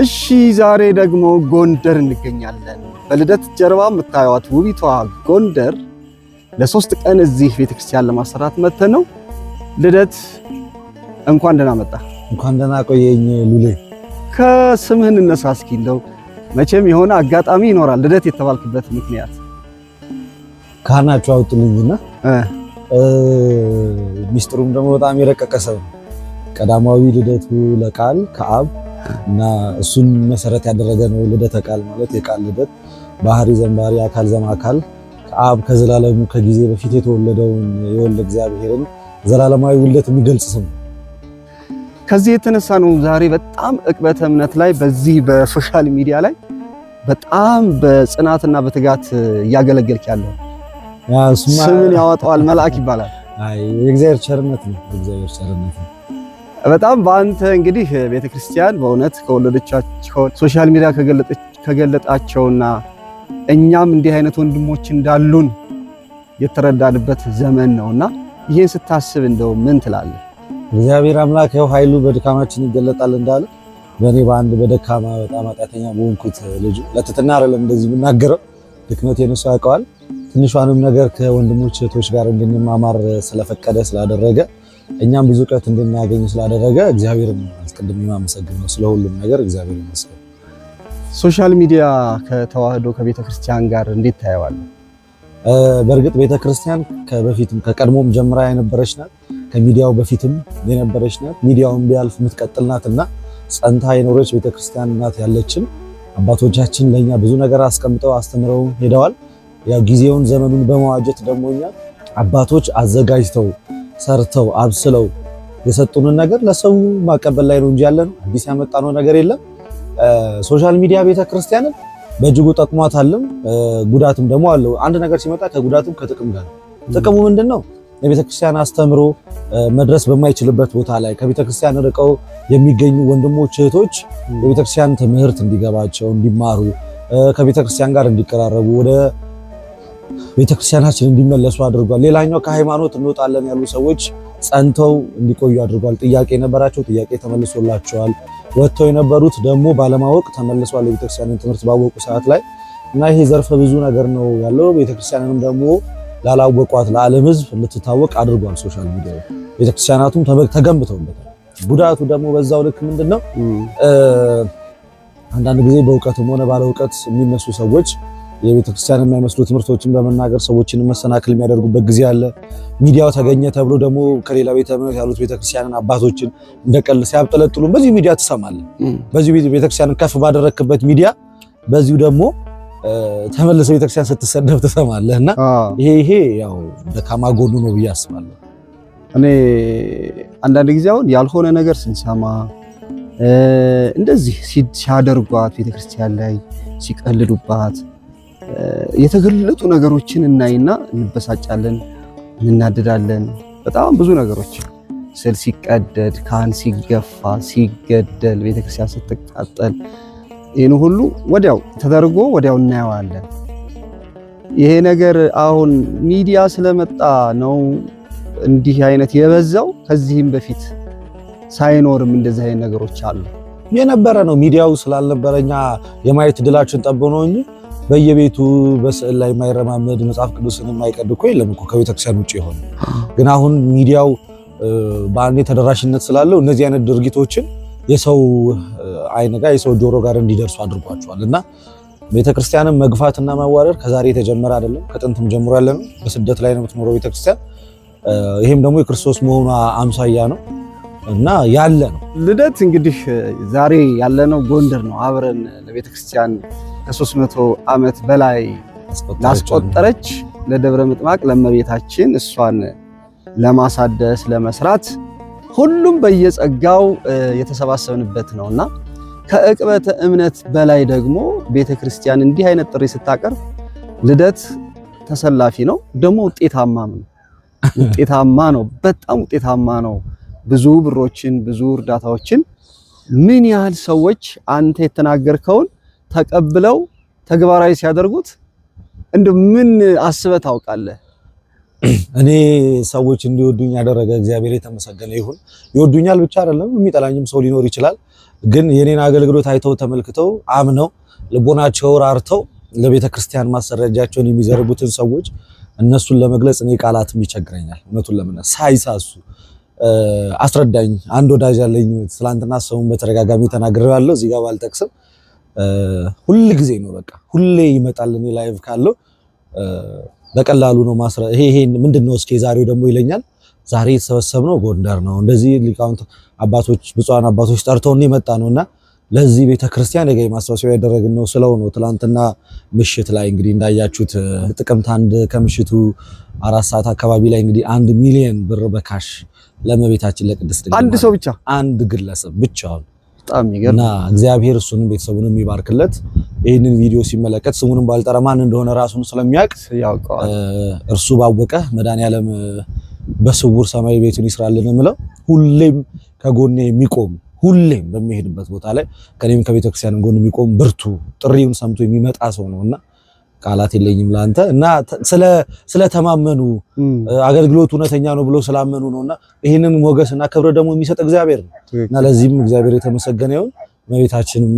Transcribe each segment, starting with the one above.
እሺ ዛሬ ደግሞ ጎንደር እንገኛለን። በልደት ጀርባ የምታዩት ውቢቷ ጎንደር ለሶስት ቀን እዚህ ቤተክርስቲያን ለማሰራት መተ ነው። ልደት እንኳን ደህና መጣ። እንኳን ደህና ቆየኝ ሉሌ። ከስምህን እነሳ እስኪ እንደው መቼም የሆነ አጋጣሚ ይኖራል ልደት የተባልክበት ምክንያት ካህናችሁ አውጡልኝና ሚስጥሩም ደግሞ በጣም የረቀቀ ሰው ነው። ቀዳማዊ ልደቱ ለቃል ከአብ እና እሱን መሰረት ያደረገ ነው። ልደተ ቃል ማለት የቃል ልደት ባህሪ ዘንባሪ አካል ዘማካል ከአብ ከዘላለሙ ከጊዜ በፊት የተወለደውን የወልደ እግዚአብሔርን ዘላለማዊ ውልደት የሚገልጽ ስም ነው። ከዚህ የተነሳ ነው ዛሬ በጣም እቅበተ እምነት ላይ በዚህ በሶሻል ሚዲያ ላይ በጣም በጽናትና በትጋት እያገለገልክ ያለው ስምን ያወጣዋል መልአክ ይባላል። አይ የእግዚአብሔር ቸርነት ነው፣ የእግዚአብሔር ቸርነት ነው። በጣም በአንተ እንግዲህ ቤተክርስቲያን በእውነት ከወለደቻቸው ሶሻል ሚዲያ ከገለጣቸውና እኛም እንዲህ አይነት ወንድሞች እንዳሉን የተረዳንበት ዘመን ነውና ይህን ስታስብ እንደው ምን ትላለህ? እግዚአብሔር አምላክ ያው ኃይሉ በድካማችን ይገለጣል እንዳለ በእኔ በአንድ በደካማ በጣም አጣተኛ በሆንኩት ልጅ ለትትና አይደለም እንደዚህ የምናገረው ያውቀዋል። ትንሿንም ነገር ከወንድሞች እህቶች ጋር እንድንማማር ስለፈቀደ ስላደረገ እኛም ብዙ እውቀት እንድናገኝ ስላደረገ እግዚአብሔር አስቀድሜ የማመሰግነው ስለሁሉም ነገር እግዚአብሔር ይመስገን። ሶሻል ሚዲያ ከተዋህዶ ከቤተ ክርስቲያን ጋር እንዴት ታየዋለህ? በእርግጥ ቤተ ክርስቲያን ከበፊትም ከቀድሞም ጀምራ የነበረች ናት። ከሚዲያው በፊትም የነበረች ናት። ሚዲያውን ቢያልፍ የምትቀጥል ናት እና ጸንታ የኖረች ቤተ ክርስቲያን ናት ያለችን። አባቶቻችን ለእኛ ብዙ ነገር አስቀምጠው አስተምረው ሄደዋል። ያው ጊዜውን ዘመኑን በመዋጀት ደግሞ እኛ አባቶች አዘጋጅተው ሰርተው አብስለው የሰጡንን ነገር ለሰው ማቀበል ላይ ነው እንጂ ያለ ነው አዲስ ያመጣነው ነገር የለም። ሶሻል ሚዲያ ቤተክርስቲያንን በእጅጉ ጠቅሟታልም ጉዳትም ደግሞ አለው። አንድ ነገር ሲመጣ ከጉዳትም ከጥቅም ጋር ጥቅሙ ምንድን ነው? የቤተክርስቲያን አስተምሮ መድረስ በማይችልበት ቦታ ላይ ከቤተክርስቲያን ርቀው የሚገኙ ወንድሞች እህቶች የቤተክርስቲያን ትምህርት እንዲገባቸው እንዲማሩ ከቤተክርስቲያን ጋር እንዲቀራረቡ ወደ ቤተክርስቲያናችን እንዲመለሱ አድርጓል። ሌላኛው ከሃይማኖት እንወጣለን ያሉ ሰዎች ጸንተው እንዲቆዩ አድርጓል። ጥያቄ የነበራቸው ጥያቄ ተመልሶላቸዋል። ወጥተው የነበሩት ደግሞ ባለማወቅ ተመልሷል። የቤተክርስቲያንን ትምህርት ባወቁ ሰዓት ላይ እና ይሄ ዘርፈ ብዙ ነገር ነው ያለው። ቤተክርስቲያንንም ደግሞ ላላወቋት ለዓለም ሕዝብ እንድትታወቅ አድርጓል። ሶሻል ሚዲያ ቤተክርስቲያናቱም ተገንብተውበታል። ጉዳቱ ደግሞ በዛው ልክ ምንድን ነው አንዳንድ ጊዜ በእውቀትም ሆነ ባለ እውቀት የሚነሱ ሰዎች የቤተክርስቲያን የማይመስሉ ትምህርቶችን በመናገር ሰዎችን መሰናክል የሚያደርጉበት ጊዜ አለ። ሚዲያው ተገኘ ተብሎ ደግሞ ከሌላ ቤተ እምነት ያሉት ቤተክርስቲያንን አባቶችን እንደቀል ሲያብጠለጥሉ በዚሁ ሚዲያ ትሰማለህ። በዚ ቤተክርስቲያንን ከፍ ባደረክበት ሚዲያ በዚሁ ደግሞ ተመልሰ ቤተክርስቲያን ስትሰደብ ትሰማለህ እና ይሄ ይሄ ያው ደካማ ጎኑ ነው ብዬ አስባለሁ። እኔ አንዳንድ ጊዜ አሁን ያልሆነ ነገር ስንሰማ እንደዚህ ሲያደርጓት ቤተክርስቲያን ላይ ሲቀልዱባት የተገለጡ ነገሮችን እናይና እንበሳጫለን፣ እናደዳለን በጣም ብዙ ነገሮች ስል ሲቀደድ፣ ካህን ሲገፋ፣ ሲገደል፣ ቤተክርስቲያን ስትቃጠል፣ ይህን ሁሉ ወዲያው ተደርጎ ወዲያው እናየዋለን። ይሄ ነገር አሁን ሚዲያ ስለመጣ ነው እንዲህ አይነት የበዛው። ከዚህም በፊት ሳይኖርም እንደዚህ አይነት ነገሮች አሉ የነበረ ነው። ሚዲያው ስላልነበረ እኛ የማየት ድላችን ጠብ ነው እንጂ በየቤቱ በስዕል ላይ የማይረማመድ መጽሐፍ ቅዱስን የማይቀድ እኮ የለም እኮ ከቤተክርስቲያን ውጭ የሆነ ግን አሁን ሚዲያው በአንዴ ተደራሽነት ስላለው እነዚህ አይነት ድርጊቶችን የሰው አይን ጋር የሰው ጆሮ ጋር እንዲደርሱ አድርጓቸዋል እና ቤተክርስቲያንን መግፋትና ማዋረድ ከዛሬ የተጀመረ አይደለም፣ ከጥንትም ጀምሮ ያለ ነው። በስደት ላይ ነው የምትኖረው ቤተክርስቲያን። ይህም ደግሞ የክርስቶስ መሆኗ አምሳያ ነው እና ያለ ነው። ልደት እንግዲህ ዛሬ ያለነው ጎንደር ነው። አብረን ለቤተክርስቲያን ከሦስት መቶ ዓመት በላይ ላስቆጠረች ለደብረ ምጥማቅ ለመቤታችን እሷን ለማሳደስ ለመስራት ሁሉም በየጸጋው የተሰባሰብንበት ነውና ከእቅበተ እምነት በላይ ደግሞ ቤተ ክርስቲያን እንዲህ አይነት ጥሪ ስታቀርብ ልደት ተሰላፊ ነው፣ ደግሞ ውጤታማም ነው። ውጤታማ ነው፣ በጣም ውጤታማ ነው። ብዙ ብሮችን ብዙ እርዳታዎችን ምን ያህል ሰዎች አንተ የተናገርከውን ተቀብለው ተግባራዊ ሲያደርጉት እንደ ምን አስበ ታውቃለህ? እኔ ሰዎች እንዲወዱኝ ያደረገ እግዚአብሔር የተመሰገነ ይሁን። ይወዱኛል ብቻ አይደለም የሚጠላኝም ሰው ሊኖር ይችላል። ግን የኔን አገልግሎት አይተው ተመልክተው አምነው ልቦናቸው ራርተው ለቤተ ክርስቲያን ማሰረጃቸውን የሚዘርቡትን ሰዎች እነሱን ለመግለጽ እኔ ቃላትም ይቸግረኛል። እውነቱን ለምን ሳይሳሱ አስረዳኝ። አንድ ወዳጅ አለኝ፣ ትላንትና ሰውን በተደጋጋሚ ተናግሬዋለሁ፣ እዚህ ጋር ባልጠቅስም ሁል ጊዜ ነው በቃ ሁሌ ይመጣል። እኔ ላይቭ ካለው በቀላሉ ነው ማስረ ይሄ ይሄ ምንድነው እስኪ ዛሬው ደግሞ ይለኛል። ዛሬ ነው ጎንደር ነው እንደዚህ ሊቃውንት አባቶች ብፁዓን አባቶች ጠርተውን የመጣ ነውና ለዚህ ቤተ ክርስቲያን የገቢ ማሰባሰቢያ ነው ስለው ነው። ትላንትና ምሽት ላይ እንግዲህ እንዳያችሁት ጥቅምት አንድ ከምሽቱ አራት ሰዓት አካባቢ ላይ እንግዲህ አንድ ሚሊዮን ብር በካሽ ለመቤታችን ለቅድስት አንድ ሰው ብቻ አንድ ግለሰብ ብቻውን እና እግዚአብሔር እሱንም ቤተሰቡን የሚባርክለት ይህንን ቪዲዮ ሲመለከት ስሙንም ባልጠራ ማን እንደሆነ ራሱን ስለሚያውቅ እርሱ ባወቀ መድኃኒዓለም በስውር ሰማይ ቤቱን ይስራልን የምለው ሁሌም ከጎኔ የሚቆም ሁሌም በሚሄድበት ቦታ ላይ ከኔም ከቤተክርስቲያን ጎን የሚቆም ብርቱ ጥሪውን ሰምቶ የሚመጣ ሰው ነውና ቃላት የለኝም ለአንተ እና ስለተማመኑ አገልግሎት እውነተኛ ነው ብሎ ስላመኑ ነው እና ይህንን እና ክብር ደግሞ የሚሰጥ እግዚአብሔር ነው እና ለዚህም እግዚአብሔር የተመሰገነ ይሁን። መቤታችንም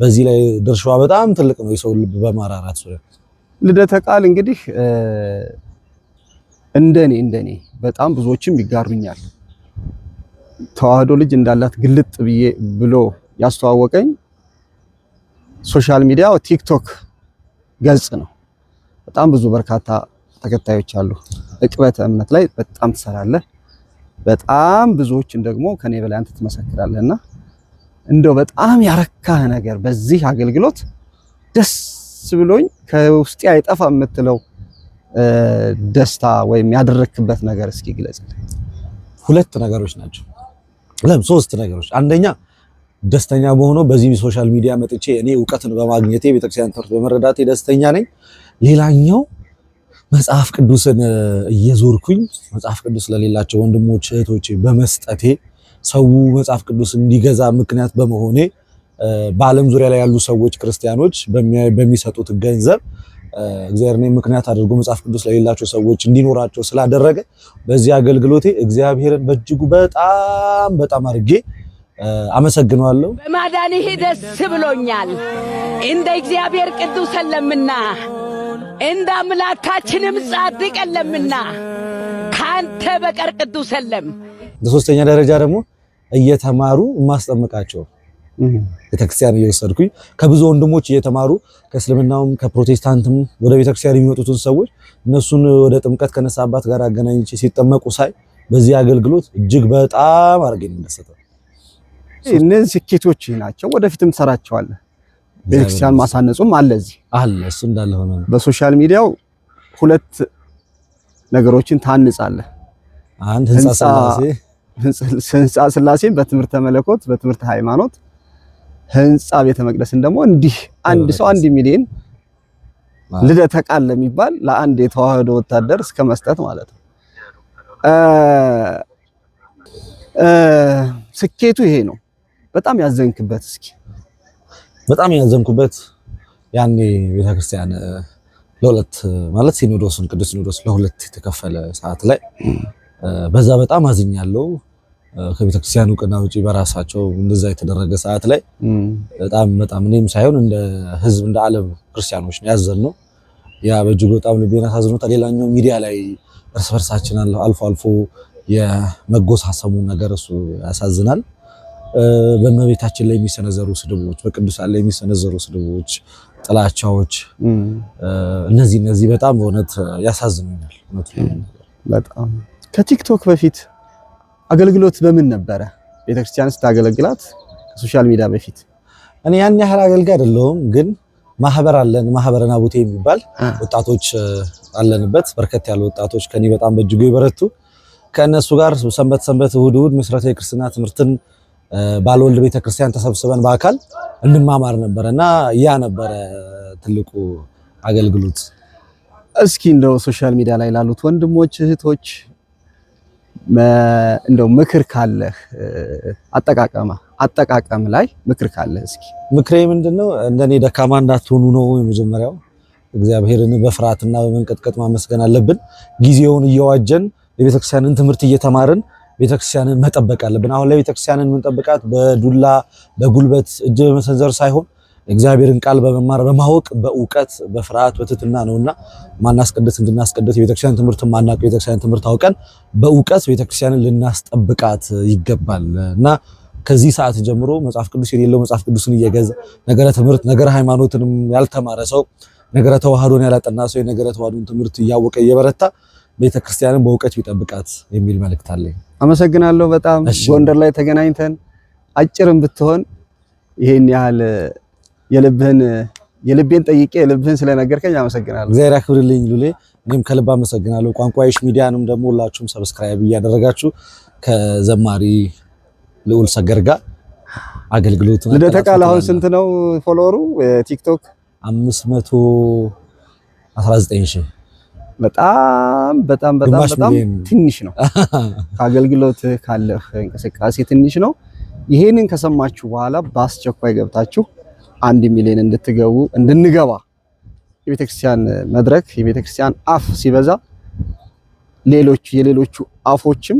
በዚህ ላይ ድርሻዋ በጣም ትልቅ ነው፣ የሰው ልብ በማራራት ዙሪያ። ልደተ ቃል እንግዲህ እንደኔ እንደኔ በጣም ብዙዎችም ይጋሩኛል ተዋህዶ ልጅ እንዳላት ግልጥ ብዬ ብሎ ያስተዋወቀኝ ሶሻል ሚዲያ ቲክቶክ ገጽ ነው። በጣም ብዙ በርካታ ተከታዮች አሉ። እቅበተ እምነት ላይ በጣም ትሰራለህ። በጣም ብዙዎችን ደግሞ ከኔ በላይ አንተ ትመሰክራለህ እና እንደው በጣም ያረካህ ነገር በዚህ አገልግሎት ደስ ብሎኝ ከውስጤ አይጠፋ የምትለው ደስታ ወይም ያደረክበት ነገር እስኪ ግለጽልኝ። ሁለት ነገሮች ናቸው ለም ሶስት ነገሮች አንደኛ ደስተኛ በሆነው በዚህ ሶሻል ሚዲያ መጥቼ እኔ እውቀትን በማግኘቴ ቤተክርስቲያን ትምህርት በመረዳቴ ደስተኛ ነኝ። ሌላኛው መጽሐፍ ቅዱስን እየዞርኩኝ መጽሐፍ ቅዱስ ለሌላቸው ወንድሞች እህቶቼ በመስጠቴ ሰው መጽሐፍ ቅዱስ እንዲገዛ ምክንያት በመሆኔ በዓለም ዙሪያ ላይ ያሉ ሰዎች ክርስቲያኖች በሚሰጡት ገንዘብ እግዚአብሔር ምክንያት አድርጎ መጽሐፍ ቅዱስ ለሌላቸው ሰዎች እንዲኖራቸው ስላደረገ በዚህ አገልግሎቴ እግዚአብሔርን በእጅጉ በጣም በጣም አድርጌ አመሰግነዋለሁ። በማዳንህ ደስ ብሎኛል። እንደ እግዚአብሔር ቅዱስ ለምና እንደ አምላካችንም ጻድቅ ለምና ካንተ በቀር ቅዱስ የለም። በሶስተኛ ደረጃ ደግሞ እየተማሩ ማስጠመቃቸው ቤተክርስቲያን እየወሰድኩኝ ከብዙ ወንድሞች እየተማሩ ከእስልምናውም ከፕሮቴስታንትም ወደ ቤተክርስቲያን የሚመጡትን ሰዎች እነሱን ወደ ጥምቀት ከነሳ አባት ጋር አገናኝቼ ሲጠመቁ ሳይ በዚህ አገልግሎት እጅግ በጣም አድርጌ ነው እነዚህ ስኬቶች ናቸው። ወደፊትም ትሰራቸዋለህ። ቤተክርስቲያን ማሳነጹም አለ እዚህ አለ። እሱ እንዳለ ሆኖ በሶሻል ሚዲያው ሁለት ነገሮችን ታንጻለህ። አንድ ህንፃ ስላሴን በትምህርተ መለኮት በትምህርተ ሃይማኖት፣ ህንፃ ቤተ መቅደስን ደግሞ እንዲህ አንድ ሰው አንድ ሚሊዮን ልደተ ቃል ለሚባል ለአንድ የተዋህዶ ወታደር እስከ መስጠት ማለት ነው። ስኬቱ ይሄ ነው። በጣም ያዘንክበት? እስኪ በጣም ያዘንኩበት ያኔ ቤተክርስቲያን ለሁለት ማለት ሲኖዶስን ቅዱስ ሲኖዶስ ለሁለት የተከፈለ ሰዓት ላይ በዛ በጣም አዝኛለሁ። ከቤተክርስቲያን እውቅና ውጪ በራሳቸው እንደዛ የተደረገ ሰዓት ላይ በጣም በጣም እኔም ሳይሆን እንደ ህዝብ እንደ ዓለም ክርስቲያኖች ነው ያዘን ነው። ያ በእጅጉ በጣም ልቤን አሳዝኖታል። ሌላኛው ሚዲያ ላይ እርስ በርሳችን አልፎ አልፎ የመጎሳሰሙ ነገር እሱ ያሳዝናል። በእመቤታችን ላይ የሚሰነዘሩ ስድቦች፣ በቅዱሳን ላይ የሚሰነዘሩ ስድቦች፣ ጥላቻዎች እነዚህ እነዚህ በጣም በእውነት ያሳዝኑኛል። በጣም ከቲክቶክ በፊት አገልግሎት በምን ነበረ? ቤተክርስቲያን ስታገለግላት ከሶሻል ሚዲያ በፊት እኔ ያን ያህል አገልጋይ አይደለሁም፣ ግን ማህበር አለን። ማህበረ ናቡቴ የሚባል ወጣቶች አለንበት። በርከት ያሉ ወጣቶች ከኔ በጣም በእጅጉ ይበረቱ። ከእነሱ ጋር ሰንበት ሰንበት እሑድ እሑድ መሰረታዊ ክርስትና ትምህርትን ባልወልድ ቤተክርስቲያን ተሰብስበን በአካል እንማማር ነበረ እና ያ ነበረ ትልቁ አገልግሎት። እስኪ እንደው ሶሻል ሚዲያ ላይ ላሉት ወንድሞች እህቶች እንደው ምክር ካለህ አጠቃቀማ አጠቃቀም ላይ ምክር ካለህ እስኪ። ምክሬ ምንድነው እንደኔ ደካማ እንዳትሆኑ ነው የመጀመሪያው። እግዚአብሔርን በፍርሃትና በመንቀጥቀጥ ማመስገን አለብን። ጊዜውን እየዋጀን የቤተክርስቲያንን ትምህርት እየተማርን ቤተክርስቲያንን መጠበቅ አለብን። አሁን ላይ ቤተክርስቲያንን የምንጠብቃት በዱላ በጉልበት እጅ በመሰንዘር ሳይሆን እግዚአብሔርን ቃል በመማር በማወቅ በእውቀት በፍርሃት በትትና ነውና ማናስቀደስ እንድናስቀደስ የቤተክርስቲያን ትምህርት ማናቅ የቤተክርስቲያን ትምህርት አውቀን በእውቀት ቤተክርስቲያንን ልናስጠብቃት ይገባል እና ከዚህ ሰዓት ጀምሮ መጽሐፍ ቅዱስ የሌለው መጽሐፍ ቅዱስን እየገዛ ነገረ ትምህርት ነገረ ሃይማኖትንም ያልተማረ ሰው ነገረ ተዋህዶን ያላጠና ሰው የነገረ ተዋህዶን ትምህርት እያወቀ እየበረታ ቤተክርስቲያንን በእውቀት ይጠብቃት የሚል መልእክት አለኝ። አመሰግናለሁ። በጣም ጎንደር ላይ ተገናኝተን አጭርም ብትሆን ይህን ያህል የልብህን የልቤን ጠይቄ የልብህን ስለነገርከኝ አመሰግናለሁ። እግዚአብሔር ያክብርልኝ ሉሌ። እኔም ከልብ አመሰግናለሁ። ቋንቋይሽ ሚዲያንም ደግሞ ሁላችሁም ሰብስክራይብ እያደረጋችሁ ከዘማሪ ልዑል ሰገድ ጋር አገልግሎት ልደተ ቃል አሁን ስንት ነው ፎሎወሩ ቲክቶክ 519 ሺህ በጣም በጣም በጣም በጣም ትንሽ ነው። ከአገልግሎት ካለህ እንቅስቃሴ ትንሽ ነው። ይሄንን ከሰማችሁ በኋላ በአስቸኳይ ገብታችሁ አንድ ሚሊዮን እንድትገቡ እንድንገባ የቤተክርስቲያን መድረክ የቤተክርስቲያን አፍ ሲበዛ ሌሎች የሌሎቹ አፎችም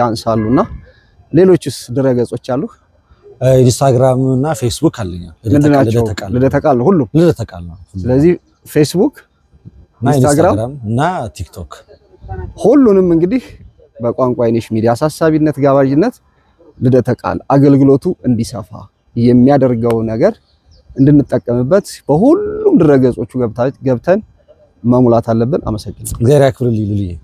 ያንሳሉና ሌሎችስ ድረገጾች አሉ። ኢንስታግራም እና ፌስቡክ አለኛ። ልደተቃል ሁሉም ልደተቃል ነው። ስለዚህ ፌስቡክ ኢንስታግራም እና ቲክቶክ ሁሉንም እንግዲህ በቋንቋ አይነሽ ሚዲያ አሳሳቢነት፣ ጋባዥነት ልደተ ቃል አገልግሎቱ እንዲሰፋ የሚያደርገው ነገር እንድንጠቀምበት በሁሉም ድረገጾቹ ገብተን መሙላት አለብን። አመሰግናለሁ። እግዚአብሔር ያክብርልኝ።